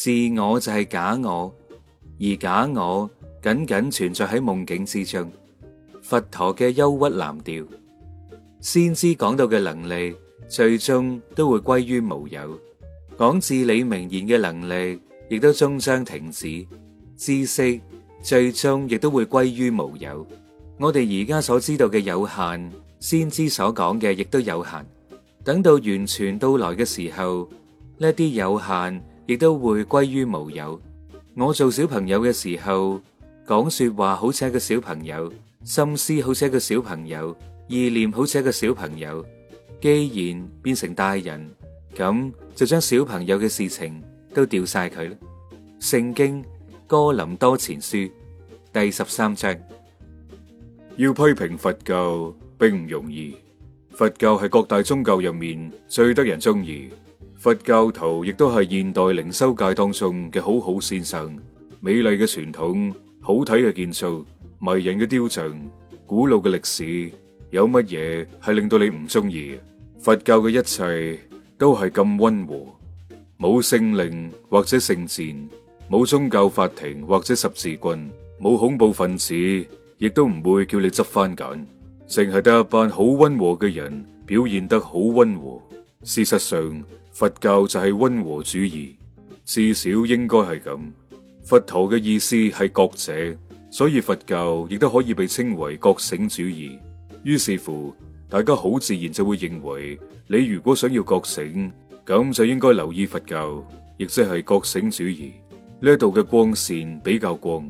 自我就係假我，而假我僅僅存在喺夢境之中。佛陀嘅憂鬱藍調，先知講到嘅能力最終都會歸於無有，講至理名言嘅能力亦都終將停止，知識最終亦都會歸於無有。我哋而家所知道嘅有限，先知所講嘅亦都有限。等到完全到來嘅時候，呢啲有限，亦都會歸於無有。我做小朋友嘅時候，講說話好似一個小朋友，心思好似一個小朋友，意念好似一個小朋友。既然變成大人，咁就將小朋友嘅事情都掉晒佢啦。《聖經哥林多前書》第十三章，要批評佛教並唔容易。佛教係各大宗教入面最得人中意。佛教徒亦都係現代靈修界當中嘅好好先生，美麗嘅傳統，好睇嘅建築，迷人嘅雕像，古老嘅歷史，有乜嘢係令到你唔中意？佛教嘅一切都係咁溫和，冇聖靈或者聖戰，冇宗教法庭或者十字軍，冇恐怖分子，亦都唔會叫你執翻揀，淨係得一班好溫和嘅人表現得好溫和。事實上，佛教就係溫和主義，至少應該係咁。佛陀嘅意思係覺者，所以佛教亦都可以被稱為覺醒主義。於是乎，大家好自然就會認為，你如果想要覺醒，咁就應該留意佛教，亦即係覺醒主義。呢度嘅光綫比較光，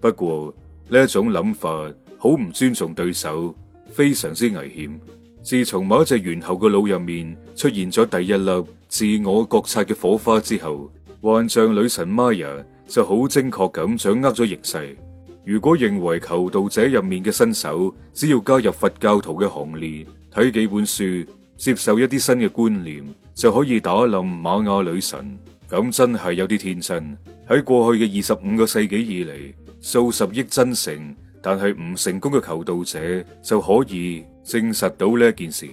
不過呢種諗法好唔尊重對手，非常之危險。自從某一隻猿猴嘅腦入面出現咗第一粒自我覺察嘅火花之後，幻象女神瑪雅就好精確咁掌握咗形勢。如果認為求道者入面嘅新手只要加入佛教徒嘅行列，睇幾本書，接受一啲新嘅觀念就可以打冧瑪雅女神，咁真係有啲天真。喺過去嘅二十五個世紀以嚟，數十億真誠但係唔成功嘅求道者就可以。證實到呢件事，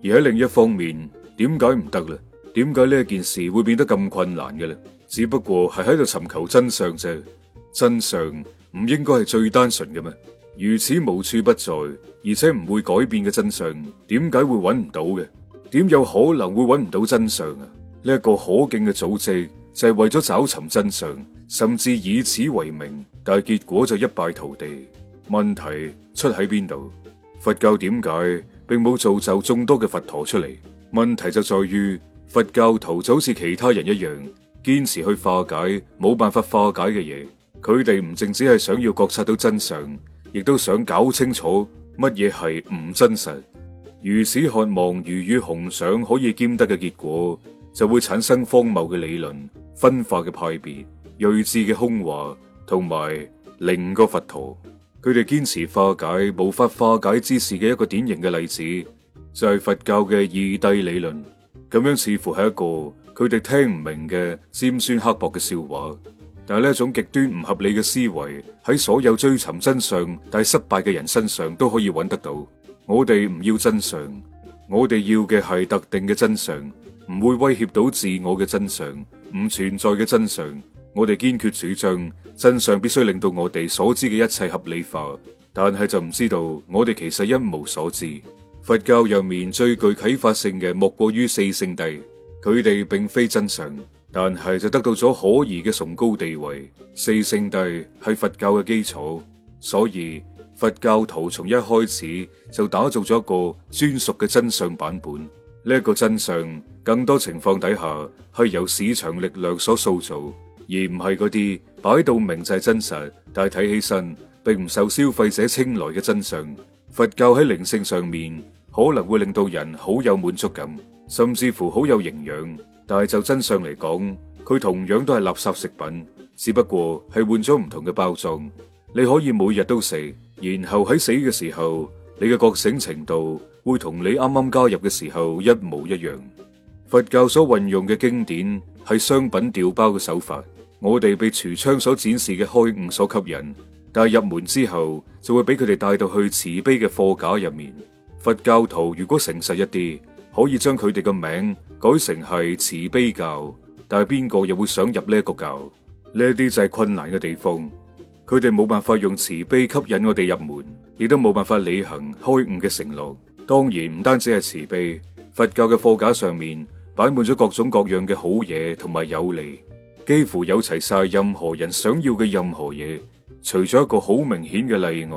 而喺另一方面，點解唔得呢？點解呢件事會變得咁困難嘅咧？只不過係喺度尋求真相啫。真相唔應該係最單純嘅咩？如此無處不在，而且唔會改變嘅真相，點解會揾唔到嘅？點有可能會揾唔到真相啊？呢一個可敬嘅組織就係為咗找尋真相，甚至以此為名，但係結果就一敗塗地。問題出喺邊度？佛教點解並冇造就眾多嘅佛陀出嚟？問題就在於佛教徒就好似其他人一樣，堅持去化解冇辦法化解嘅嘢。佢哋唔淨只係想要覺察到真相，亦都想搞清楚乜嘢係唔真實。如此渴望魚與熊掌可以兼得嘅結果，就會產生荒謬嘅理論、分化嘅派別、睿智嘅空話同埋另一個佛陀。佢哋堅持化解無法化解之事嘅一個典型嘅例子，就係、是、佛教嘅二諦理論。咁樣似乎係一個佢哋聽唔明嘅尖酸刻薄嘅笑話。但係呢一種極端唔合理嘅思維，喺所有追尋真相但係失敗嘅人身上都可以揾得到。我哋唔要真相，我哋要嘅係特定嘅真相，唔會威脅到自我嘅真相，唔存在嘅真相。我哋堅決主張真相必須令到我哋所知嘅一切合理化，但係就唔知道我哋其實一無所知。佛教入面最具啟發性嘅莫過於四聖諦，佢哋並非真相，但係就得到咗可疑嘅崇高地位。四聖諦係佛教嘅基礎，所以佛教徒從一開始就打造咗一個專屬嘅真相版本。呢一個真相，更多情況底下係由市場力量所塑造。而唔係嗰啲擺到明就係真實，但係睇起身並唔受消費者青睞嘅真相。佛教喺靈性上面可能會令到人好有滿足感，甚至乎好有營養。但係就真相嚟講，佢同樣都係垃圾食品，只不過係換咗唔同嘅包裝。你可以每日都食，然後喺死嘅時候，你嘅覺醒程度會同你啱啱加入嘅時候一模一樣。佛教所運用嘅經典係商品調包嘅手法。我哋被櫥窗所展示嘅開悟所吸引，但係入門之後就會俾佢哋帶到去慈悲嘅貨架入面。佛教徒如果誠實一啲，可以將佢哋嘅名改成係慈悲教，但係邊個又會想入呢一個教？呢一啲就係困難嘅地方。佢哋冇辦法用慈悲吸引我哋入門，亦都冇辦法履行開悟嘅承諾。當然唔單止係慈悲，佛教嘅貨架上面擺滿咗各種各樣嘅好嘢同埋有利。幾乎有齊晒任何人想要嘅任何嘢，除咗一個好明顯嘅例外。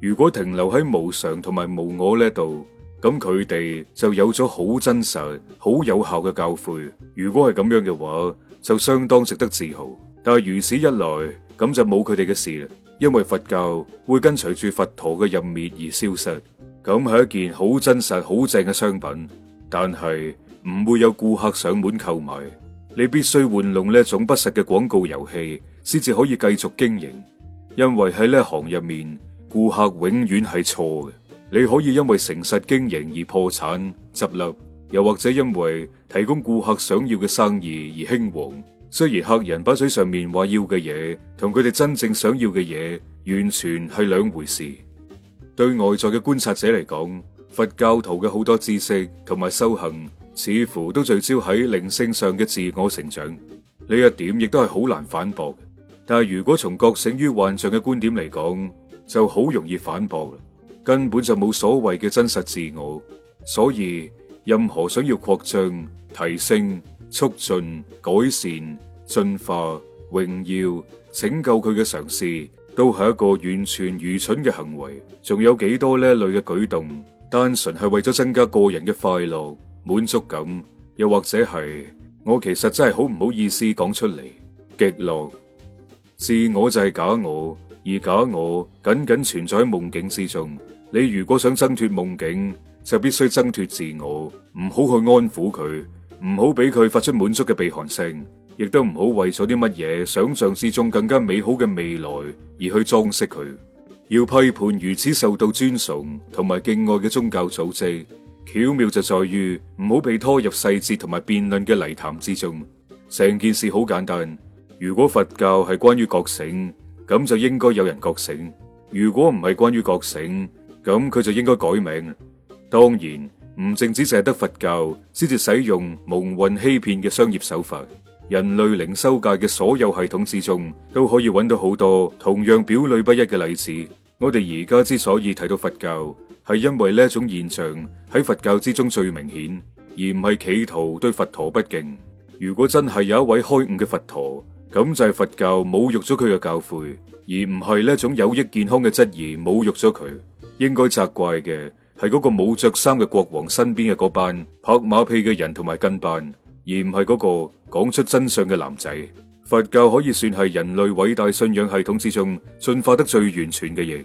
如果停留喺無常同埋無我呢度，咁佢哋就有咗好真實、好有效嘅教誨。如果係咁樣嘅話，就相當值得自豪。但係如此一來，咁就冇佢哋嘅事啦，因為佛教會跟隨住佛陀嘅入滅而消失。咁係一件好真實、好正嘅商品，但係唔會有顧客上門購買。你必須玩弄呢一種不實嘅廣告遊戲，先至可以繼續經營。因為喺呢行入面，顧客永遠係錯嘅。你可以因為誠實經營而破產、執笠，又或者因為提供顧客想要嘅生意而興旺。雖然客人把嘴上面話要嘅嘢，同佢哋真正想要嘅嘢，完全係兩回事。對外在嘅觀察者嚟講，佛教徒嘅好多知識同埋修行。似乎都聚焦喺靈性上嘅自我成長呢一點，亦都係好難反駁。但係如果從覺醒於幻象嘅觀點嚟講，就好容易反駁。根本就冇所謂嘅真實自我，所以任何想要擴張、提升、促進、改善、進化、榮耀、拯救佢嘅嘗試，都係一個完全愚蠢嘅行為。仲有幾多呢一類嘅舉動，單純係為咗增加個人嘅快樂？滿足感，又或者係我其實真係好唔好意思講出嚟，極樂。自我就係假我，而假我僅僅存在喺夢境之中。你如果想掙脫夢境，就必須掙脫自我。唔好去安撫佢，唔好俾佢發出滿足嘅鼻鼾聲，亦都唔好為咗啲乜嘢想象之中更加美好嘅未來而去裝飾佢。要批判如此受到尊崇同埋敬愛嘅宗教組織。巧妙就在於唔好被拖入細節同埋辯論嘅泥潭之中。成件事好簡單。如果佛教係關於覺醒，咁就應該有人覺醒。如果唔係關於覺醒，咁佢就應該改名。當然，唔淨止淨係得佛教先至使用蒙混欺騙嘅商業手法。人類靈修界嘅所有系統之中，都可以揾到好多同樣表裏不一嘅例子。我哋而家之所以睇到佛教。係因為呢一種現象喺佛教之中最明顯，而唔係企圖對佛陀不敬。如果真係有一位開悟嘅佛陀，咁就係佛教侮辱咗佢嘅教誨，而唔係呢一種有益健康嘅質疑侮辱咗佢。應該責怪嘅係嗰個冇着衫嘅國王身邊嘅嗰班拍馬屁嘅人同埋跟班，而唔係嗰個講出真相嘅男仔。佛教可以算係人類偉大信仰系統之中進化得最完全嘅嘢。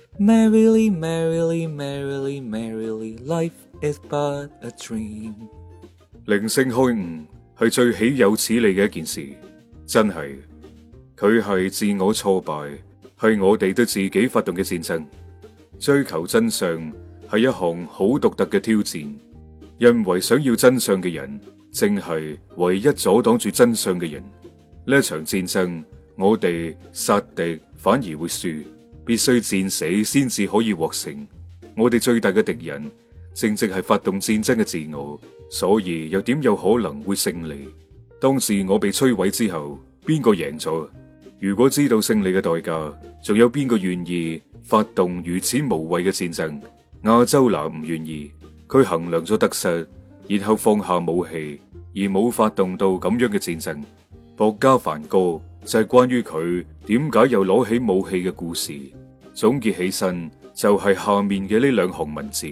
Merrily, merrily, merrily, merrily, life is but a dream。靈性開悟係最豈有此理嘅一件事，真係佢係自我挫敗，係我哋對自己發動嘅戰爭。追求真相係一項好獨特嘅挑戰。因為想要真相嘅人，正係唯一阻擋住真相嘅人。呢一場戰爭，我哋殺敵反而會輸。必須戰死先至可以獲勝，我哋最大嘅敵人正正係發動戰爭嘅自我，所以又點有可能會勝利？當自我被摧毀之後，邊個贏咗？如果知道勝利嘅代價，仲有邊個願意發動如此無謂嘅戰爭？亞洲男唔願意，佢衡量咗得失，然後放下武器，而冇發動到咁樣嘅戰爭。博家梵高就係關於佢點解又攞起武器嘅故事。總結起身就係下面嘅呢兩行文字：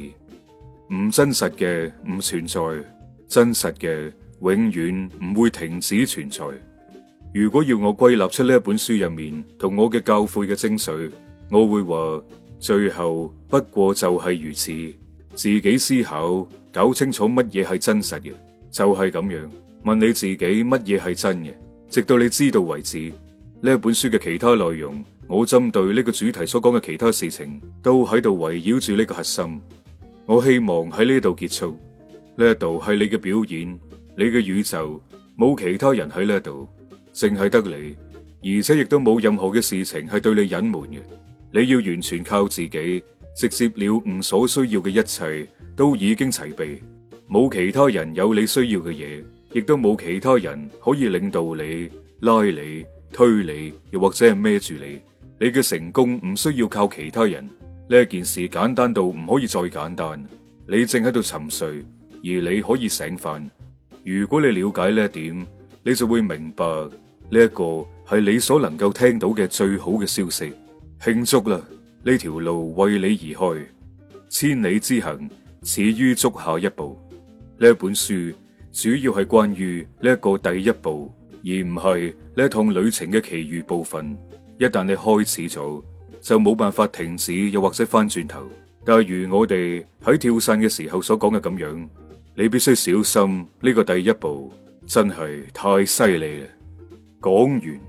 唔真實嘅唔存在，真實嘅永遠唔會停止存在。如果要我歸納出呢一本書入面同我嘅教誨嘅精髓，我會話最後不過就係如此。自己思考，搞清楚乜嘢係真實嘅，就係咁樣，問你自己乜嘢係真嘅。直到你知道為止，呢一本書嘅其他內容，我針對呢個主題所講嘅其他事情，都喺度圍繞住呢個核心。我希望喺呢度結束，呢一度係你嘅表演，你嘅宇宙冇其他人喺呢一度，淨係得你，而且亦都冇任何嘅事情係對你隱瞞嘅。你要完全靠自己，直接了悟所需要嘅一切都已經齊備，冇其他人有你需要嘅嘢。亦都冇其他人可以領導你、拉你、推你，又或者係孭住你。你嘅成功唔需要靠其他人。呢件事簡單到唔可以再簡單。你正喺度沉睡，而你可以醒翻。如果你了解呢一點，你就會明白呢一個係你所能夠聽到嘅最好嘅消息。慶祝啦！呢條路為你而開，千里之行始於足下一步。呢一本書。主要係關於呢個第一步，而唔係呢趟旅程嘅其餘部分。一旦你開始咗，就冇辦法停止，又或者翻轉頭。但如我哋喺跳傘嘅時候所講嘅咁樣，你必須小心呢個第一步，真係太犀利啦！講完。